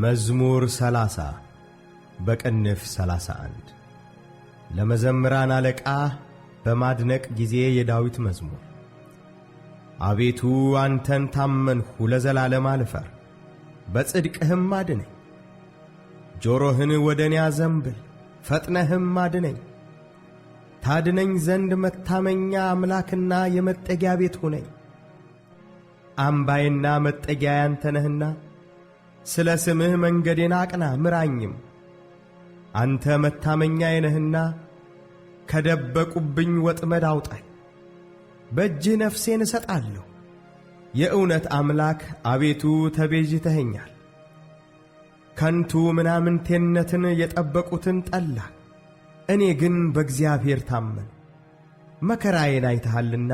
መዝሙር 30 በቅንፍ 31 ለመዘምራን አለቃ በማድነቅ ጊዜ የዳዊት መዝሙር። አቤቱ አንተን ታመንሁ፣ ለዘላለም አልፈር፣ በጽድቅህም አድነኝ። ጆሮህን ወደ እኔ አዘንብል፣ ፈጥነህም አድነኝ። ታድነኝ ዘንድ መታመኛ አምላክና የመጠጊያ ቤት ሁነኝ። አምባዬና መጠጊያ አንተ ነህና ስለ ስምህ መንገዴን አቅና ምራኝም። አንተ መታመኛዬ ነህና ከደበቁብኝ ወጥመድ አውጣኝ። በእጅህ ነፍሴን እሰጣለሁ። የእውነት አምላክ አቤቱ ተቤዥተኸኛል። ከንቱ ምናምንቴነትን የጠበቁትን ጠላ፣ እኔ ግን በእግዚአብሔር ታመን። መከራዬን አይተሃልና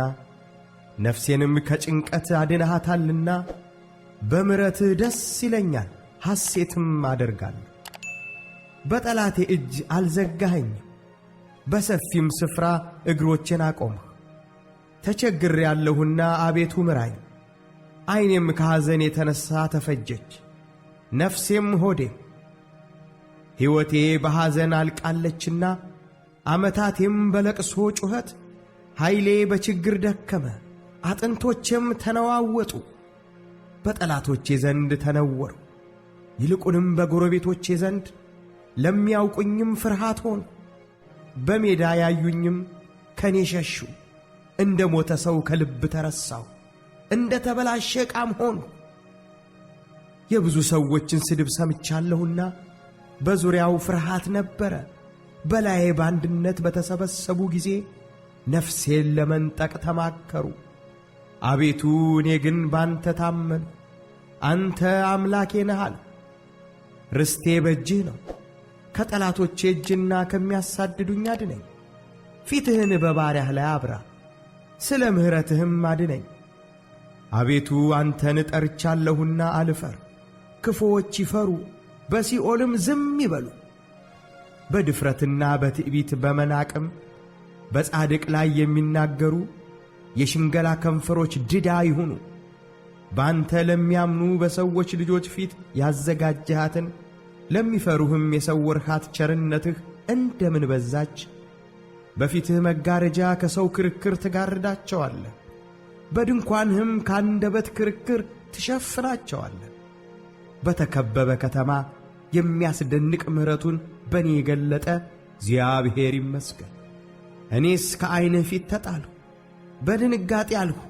ነፍሴንም ከጭንቀት አድንሃታልና በምረት ደስ ይለኛል ሐሴትም አደርጋለሁ። በጠላቴ እጅ አልዘጋኸኝ፣ በሰፊም ስፍራ እግሮቼን አቆምህ። ተቸግር ያለሁና አቤቱ ምራኝ፣ ዐይኔም ከሐዘን የተነሣ ተፈጀች፣ ነፍሴም ሆዴም። ሕይወቴ በሐዘን አልቃለችና ዓመታቴም በለቅሶ ጩኸት፣ ኃይሌ በችግር ደከመ፣ አጥንቶቼም ተነዋወጡ። በጠላቶቼ ዘንድ ተነወሩ፣ ይልቁንም በጎረቤቶቼ ዘንድ ለሚያውቁኝም ፍርሃት ሆኑ። በሜዳ ያዩኝም ከእኔ ሸሹ። እንደ ሞተ ሰው ከልብ ተረሳሁ፣ እንደ ተበላሸ ዕቃም ሆኑ። የብዙ ሰዎችን ስድብ ሰምቻለሁና በዙሪያው ፍርሃት ነበረ። በላዬ በአንድነት በተሰበሰቡ ጊዜ ነፍሴን ለመንጠቅ ተማከሩ። አቤቱ እኔ ግን ባንተ ታመን አንተ አምላኬ ነህ ርስቴ በእጅህ ነው፣ ከጠላቶቼ እጅና ከሚያሳድዱኝ አድነኝ። ፊትህን በባሪያህ ላይ አብራ፣ ስለ ምሕረትህም አድነኝ። አቤቱ አንተን ጠርቻለሁና አልፈር። ክፉዎች ይፈሩ በሲኦልም ዝም ይበሉ። በድፍረትና በትዕቢት በመናቅም በጻድቅ ላይ የሚናገሩ የሽንገላ ከንፈሮች ድዳ ይሁኑ። ባንተ ለሚያምኑ በሰዎች ልጆች ፊት ያዘጋጀሃትን ለሚፈሩህም የሰወርሃት ቸርነትህ እንደ ምን በዛች! በፊትህ መጋረጃ ከሰው ክርክር ትጋርዳቸዋለህ፣ በድንኳንህም ካንደበት ክርክር ትሸፍናቸዋለህ። በተከበበ ከተማ የሚያስደንቅ ምሕረቱን በእኔ የገለጠ እግዚአብሔር ይመስገን። እኔስ ከዐይንህ ፊት ተጣልሁ። በድንጋጤ አልሁ።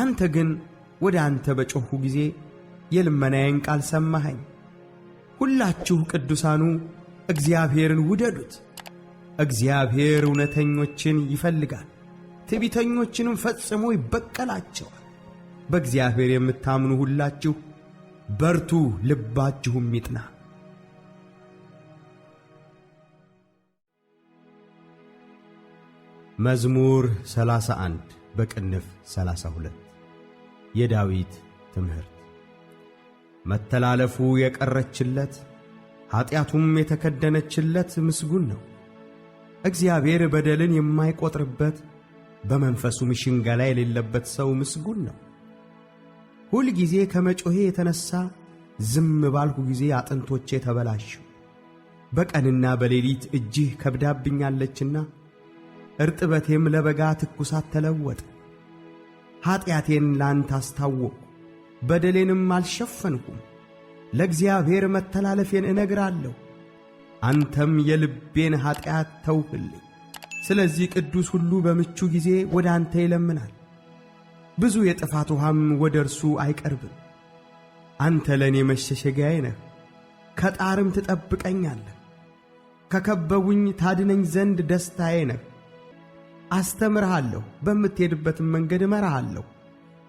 አንተ ግን ወደ አንተ በጮኹ ጊዜ የልመናዬን ቃል ሰማኸኝ። ሁላችሁ ቅዱሳኑ እግዚአብሔርን ውደዱት። እግዚአብሔር እውነተኞችን ይፈልጋል፣ ትቢተኞችንም ፈጽሞ ይበቀላቸዋል። በእግዚአብሔር የምታምኑ ሁላችሁ በርቱ፣ ልባችሁም ይጥና። መዝሙር 31 በቅንፍ 32 የዳዊት ትምህርት መተላለፉ የቀረችለት ኀጢአቱም የተከደነችለት ምስጉን ነው። እግዚአብሔር በደልን የማይቈጥርበት በመንፈሱም ሽንገላ የሌለበት ሰው ምስጉን ነው። ሁልጊዜ ከመጮኼ የተነሣ ዝም ባልሁ ጊዜ አጥንቶቼ ተበላሹ። በቀንና በሌሊት እጅህ ከብዳብኛለችና እርጥበቴም ለበጋ ትኩሳት ተለወጠ። ኀጢአቴን ላንተ አስታወቅሁ፣ በደሌንም አልሸፈንኩም። ለእግዚአብሔር መተላለፌን እነግራለሁ፣ አንተም የልቤን ኀጢአት ተውህልኝ። ስለዚህ ቅዱስ ሁሉ በምቹ ጊዜ ወደ አንተ ይለምናል፣ ብዙ የጥፋት ውሃም ወደ እርሱ አይቀርብም። አንተ ለእኔ መሸሸጊያዬ ነህ፣ ከጣርም ትጠብቀኛለህ። ከከበቡኝ ታድነኝ ዘንድ ደስታዬ ነህ። አስተምርሃለሁ፣ በምትሄድበትም መንገድ እመራሃለሁ።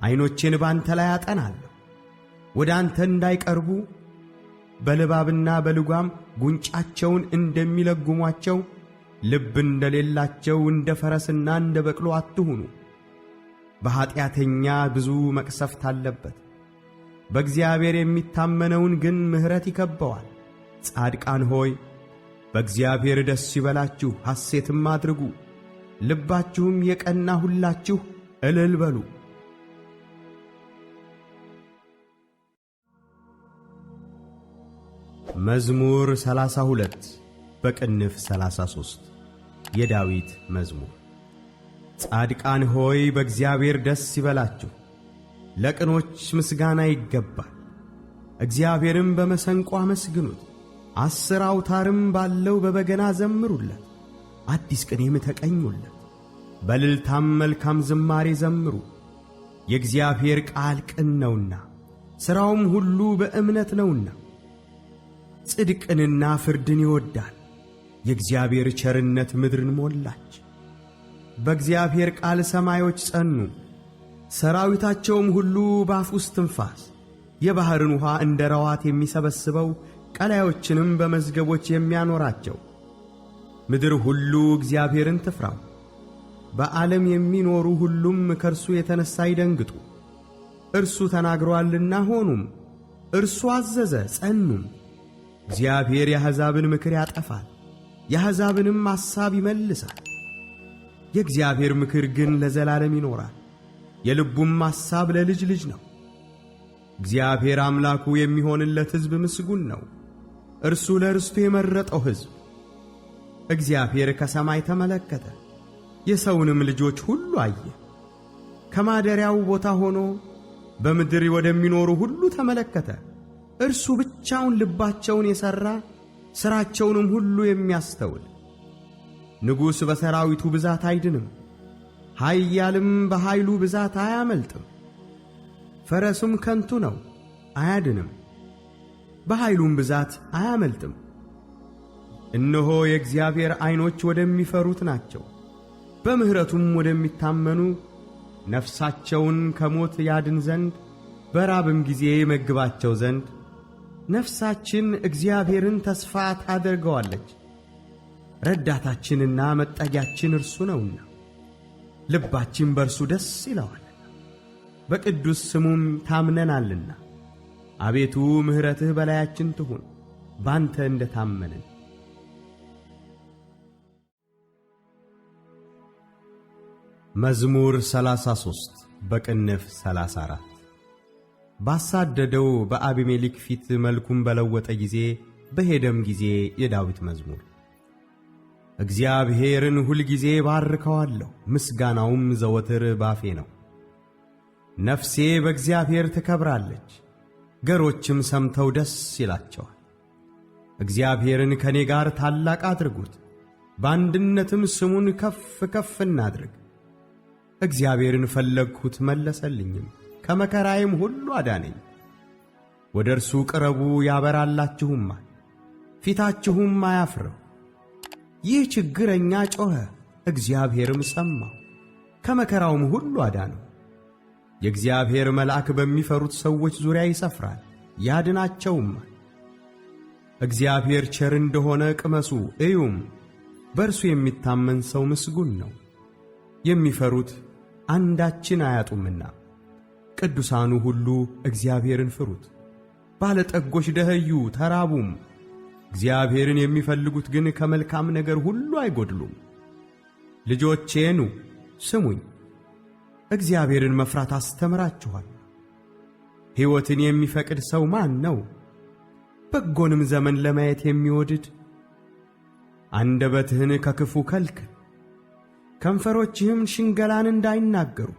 ዐይኖቼን ባንተ ላይ አጠናለሁ። ወደ አንተ እንዳይቀርቡ በልባብና በልጓም ጉንጫቸውን እንደሚለጉሟቸው ልብ እንደሌላቸው እንደ ፈረስና እንደ በቅሎ አትሁኑ። በኀጢአተኛ ብዙ መቅሰፍት አለበት፣ በእግዚአብሔር የሚታመነውን ግን ምሕረት ይከበዋል። ጻድቃን ሆይ በእግዚአብሔር ደስ ይበላችሁ፣ ሐሴትም አድርጉ። ልባችሁም የቀና ሁላችሁ እልል በሉ። መዝሙር 32 በቅንፍ 33 የዳዊት መዝሙር። ጻድቃን ሆይ በእግዚአብሔር ደስ ይበላችሁ፣ ለቅኖች ምስጋና ይገባል። እግዚአብሔርም በመሰንቆ አመስግኑት፣ አሥር አውታርም ባለው በበገና ዘምሩለት። አዲስ ቅኔም ተቀኙለት፣ በልልታም መልካም ዝማሬ ዘምሩ። የእግዚአብሔር ቃል ቅን ነውና ሥራውም ሁሉ በእምነት ነውና። ጽድቅንና ፍርድን ይወዳል፣ የእግዚአብሔር ቸርነት ምድርን ሞላች። በእግዚአብሔር ቃል ሰማዮች ጸኑ፣ ሰራዊታቸውም ሁሉ ውስጥ ትንፋስ። የባሕርን ውኃ እንደ ረዋት የሚሰበስበው ቀላዮችንም በመዝገቦች የሚያኖራቸው ምድር ሁሉ እግዚአብሔርን ትፍራው። በዓለም የሚኖሩ ሁሉም ከእርሱ የተነሣ ይደንግጡ። እርሱ ተናግሮአልና ሆኑም፣ እርሱ አዘዘ ጸኑም። እግዚአብሔር የአሕዛብን ምክር ያጠፋል፣ የአሕዛብንም አሳብ ይመልሳል። የእግዚአብሔር ምክር ግን ለዘላለም ይኖራል፣ የልቡም አሳብ ለልጅ ልጅ ነው። እግዚአብሔር አምላኩ የሚሆንለት ሕዝብ ምስጉን ነው፣ እርሱ ለርስቱ የመረጠው ሕዝብ እግዚአብሔር ከሰማይ ተመለከተ፣ የሰውንም ልጆች ሁሉ አየ። ከማደሪያው ቦታ ሆኖ በምድር ወደሚኖሩ ሁሉ ተመለከተ። እርሱ ብቻውን ልባቸውን የሠራ ሥራቸውንም ሁሉ የሚያስተውል ንጉሥ በሠራዊቱ ብዛት አይድንም፣ ኃያልም በኃይሉ ብዛት አያመልጥም። ፈረሱም ከንቱ ነው፣ አያድንም፣ በኃይሉም ብዛት አያመልጥም። እነሆ የእግዚአብሔር ዐይኖች ወደሚፈሩት ናቸው፣ በምሕረቱም ወደሚታመኑ ነፍሳቸውን ከሞት ያድን ዘንድ በራብም ጊዜ መግባቸው ዘንድ። ነፍሳችን እግዚአብሔርን ተስፋ ታደርገዋለች፣ ረዳታችንና መጠጊያችን እርሱ ነውና። ልባችን በእርሱ ደስ ይለዋል በቅዱስ ስሙም ታምነናልና። አቤቱ ምሕረትህ በላያችን ትሁን፣ ባንተ እንደ ታመንን መዝሙር 33 በቅንፍ 34 ባሳደደው በአቢሜሌክ ፊት መልኩን በለወጠ ጊዜ በሄደም ጊዜ የዳዊት መዝሙር። እግዚአብሔርን ሁልጊዜ ባርከዋለሁ፣ ምስጋናውም ዘወትር ባፌ ነው። ነፍሴ በእግዚአብሔር ትከብራለች፣ ገሮችም ሰምተው ደስ ይላቸዋል። እግዚአብሔርን ከእኔ ጋር ታላቅ አድርጉት፣ በአንድነትም ስሙን ከፍ ከፍ እናድርግ። እግዚአብሔርን ፈለግሁት መለሰልኝም፣ ከመከራዬም ሁሉ አዳነኝ። ወደ እርሱ ቅረቡ ያበራላችሁማል፣ ፊታችሁም አያፍርም። ይህ ችግረኛ ጮኸ፣ እግዚአብሔርም ሰማው፣ ከመከራውም ሁሉ አዳነው። የእግዚአብሔር መልአክ በሚፈሩት ሰዎች ዙሪያ ይሰፍራል፣ ያድናቸውማል። እግዚአብሔር ቸር እንደሆነ ቅመሱ እዩም፣ በእርሱ የሚታመን ሰው ምስጉን ነው። የሚፈሩት አንዳችን አያጡምና። ቅዱሳኑ ሁሉ እግዚአብሔርን ፍሩት። ባለጠጎች ደኸዩ ተራቡም፣ እግዚአብሔርን የሚፈልጉት ግን ከመልካም ነገር ሁሉ አይጎድሉም። ልጆቼ ኑ ስሙኝ፣ እግዚአብሔርን መፍራት አስተምራችኋል። ሕይወትን የሚፈቅድ ሰው ማን ነው? በጎንም ዘመን ለማየት የሚወድድ አንደበትህን ከክፉ ከልክል ከንፈሮችህም ሽንገላን እንዳይናገሩ።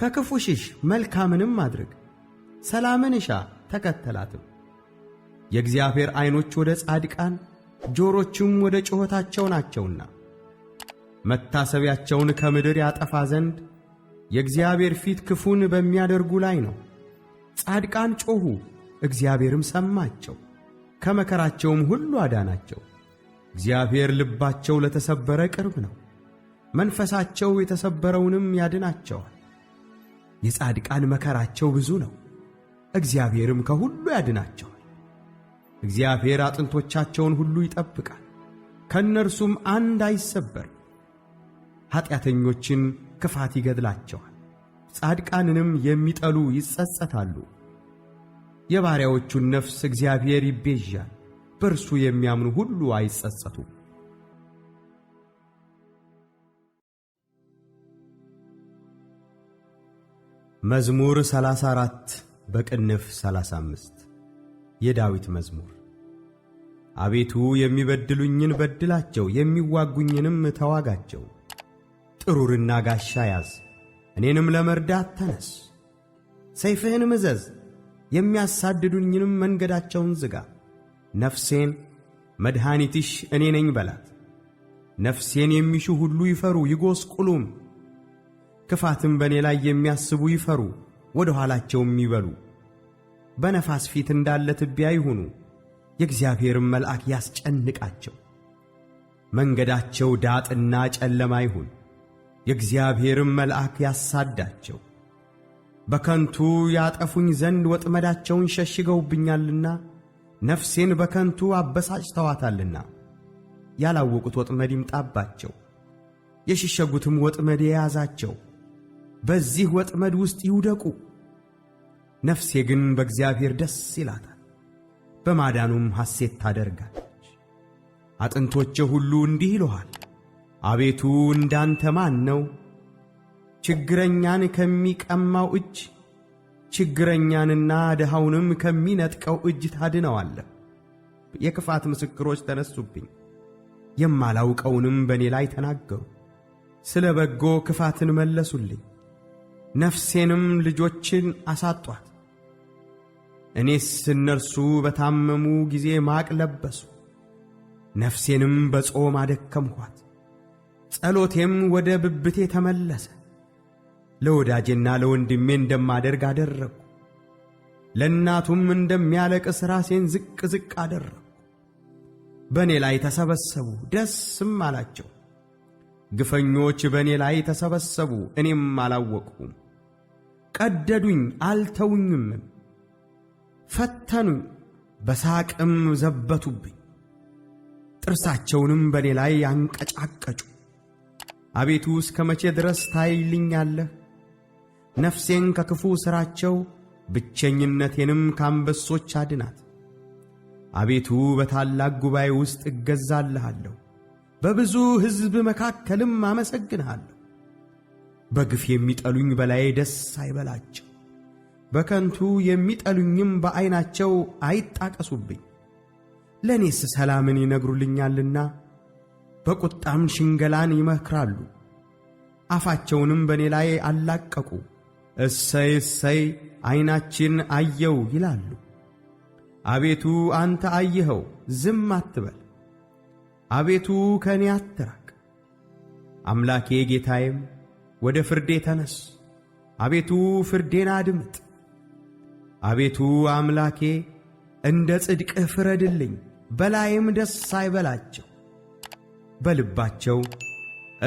ከክፉ ሽሽ፣ መልካምንም አድርግ። ሰላምን እሻ፣ ተከተላትም። የእግዚአብሔር ዐይኖች ወደ ጻድቃን፣ ጆሮቹም ወደ ጩኸታቸው ናቸውና መታሰቢያቸውን ከምድር ያጠፋ ዘንድ የእግዚአብሔር ፊት ክፉን በሚያደርጉ ላይ ነው። ጻድቃን ጮኹ፣ እግዚአብሔርም ሰማቸው፣ ከመከራቸውም ሁሉ አዳናቸው። እግዚአብሔር ልባቸው ለተሰበረ ቅርብ ነው። መንፈሳቸው የተሰበረውንም ያድናቸዋል። የጻድቃን መከራቸው ብዙ ነው፣ እግዚአብሔርም ከሁሉ ያድናቸዋል። እግዚአብሔር አጥንቶቻቸውን ሁሉ ይጠብቃል፣ ከእነርሱም አንድ አይሰበር። ኀጢአተኞችን ክፋት ይገድላቸዋል፣ ጻድቃንንም የሚጠሉ ይጸጸታሉ። የባሪያዎቹን ነፍስ እግዚአብሔር ይቤዣል፣ በእርሱ የሚያምኑ ሁሉ አይጸጸቱም። መዝሙር 34 በቅንፍ 35 የዳዊት መዝሙር። አቤቱ የሚበድሉኝን በድላቸው፣ የሚዋጉኝንም ተዋጋቸው። ጥሩርና ጋሻ ያዝ፣ እኔንም ለመርዳት ተነስ። ሰይፍህን ምዘዝ፣ የሚያሳድዱኝንም መንገዳቸውን ዝጋ። ነፍሴን መድኃኒትሽ እኔ ነኝ በላት። ነፍሴን የሚሹ ሁሉ ይፈሩ ይጎስቁሉም። ክፋትም በእኔ ላይ የሚያስቡ ይፈሩ፣ ወደ ኋላቸውም ይበሉ። በነፋስ ፊት እንዳለ ትቢያ ይሁኑ፣ የእግዚአብሔርም መልአክ ያስጨንቃቸው። መንገዳቸው ዳጥና ጨለማ ይሁን፣ የእግዚአብሔርም መልአክ ያሳዳቸው። በከንቱ ያጠፉኝ ዘንድ ወጥመዳቸውን ሸሽገውብኛልና ነፍሴን በከንቱ አበሳጭተዋታልና። ያላወቁት ወጥመድ ይምጣባቸው፣ የሸሸጉትም ወጥመድ የያዛቸው። በዚህ ወጥመድ ውስጥ ይውደቁ። ነፍሴ ግን በእግዚአብሔር ደስ ይላታል፣ በማዳኑም ሐሴት ታደርጋለች። አጥንቶቼ ሁሉ እንዲህ ይለዋል! አቤቱ እንዳንተ ማን ነው? ችግረኛን ከሚቀማው እጅ ችግረኛንና ድሃውንም ከሚነጥቀው እጅ ታድነዋለህ። የክፋት ምስክሮች ተነሱብኝ፣ የማላውቀውንም በእኔ ላይ ተናገሩ። ስለ በጎ ክፋትን መለሱልኝ። ነፍሴንም ልጆችን አሳጧት። እኔስ እነርሱ በታመሙ ጊዜ ማቅ ለበሱ፣ ነፍሴንም በጾም አደከምኋት። ጸሎቴም ወደ ብብቴ ተመለሰ። ለወዳጄና ለወንድሜ እንደማደርግ አደረግሁ፣ ለእናቱም እንደሚያለቅስ ራሴን ዝቅ ዝቅ አደረግሁ። በእኔ ላይ ተሰበሰቡ፣ ደስም አላቸው። ግፈኞች በእኔ ላይ ተሰበሰቡ፣ እኔም አላወቅሁም። ቀደዱኝ አልተውኝም፣ ፈተኑኝ በሳቅም ዘበቱብኝ፣ ጥርሳቸውንም በእኔ ላይ አንቀጫቀጩ። አቤቱ እስከ መቼ ድረስ ታይልኛለህ? ነፍሴን ከክፉ ሥራቸው ብቸኝነቴንም ከአንበሶች አድናት። አቤቱ በታላቅ ጉባኤ ውስጥ እገዛልሃለሁ፣ በብዙ ሕዝብ መካከልም አመሰግንሃለሁ። በግፍ የሚጠሉኝ በላዬ ደስ አይበላቸው፣ በከንቱ የሚጠሉኝም በዐይናቸው አይጣቀሱብኝ። ለእኔስ ሰላምን ይነግሩልኛልና በቁጣም ሽንገላን ይመክራሉ። አፋቸውንም በእኔ ላይ አላቀቁ። እሰይ እሰይ ዐይናችን አየው ይላሉ። አቤቱ አንተ አየኸው፣ ዝም አትበል። አቤቱ ከእኔ አትራቅ። አምላኬ ጌታዬም ወደ ፍርዴ ተነስ፣ አቤቱ ፍርዴን አድምጥ። አቤቱ አምላኬ እንደ ጽድቅህ ፍረድልኝ፣ በላይም ደስ አይበላቸው። በልባቸው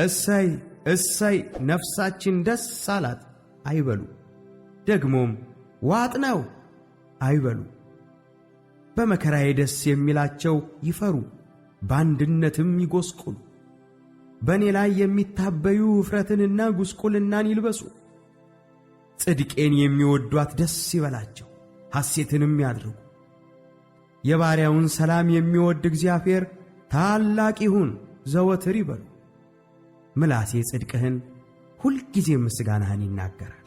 እሰይ እሰይ ነፍሳችን ደስ አላት አይበሉ፣ ደግሞም ዋጥ ነው አይበሉ። በመከራዬ ደስ የሚላቸው ይፈሩ፣ በአንድነትም ይጐስቁሉ። በእኔ ላይ የሚታበዩ ኅፍረትንና ጉስቁልናን ይልበሱ። ጽድቄን የሚወዷት ደስ ይበላቸው፣ ሐሴትንም ያድርጉ። የባሪያውን ሰላም የሚወድ እግዚአብሔር ታላቅ ይሁን ዘወትር ይበሉ። ምላሴ ጽድቅህን ሁልጊዜ ምስጋናህን ይናገራል።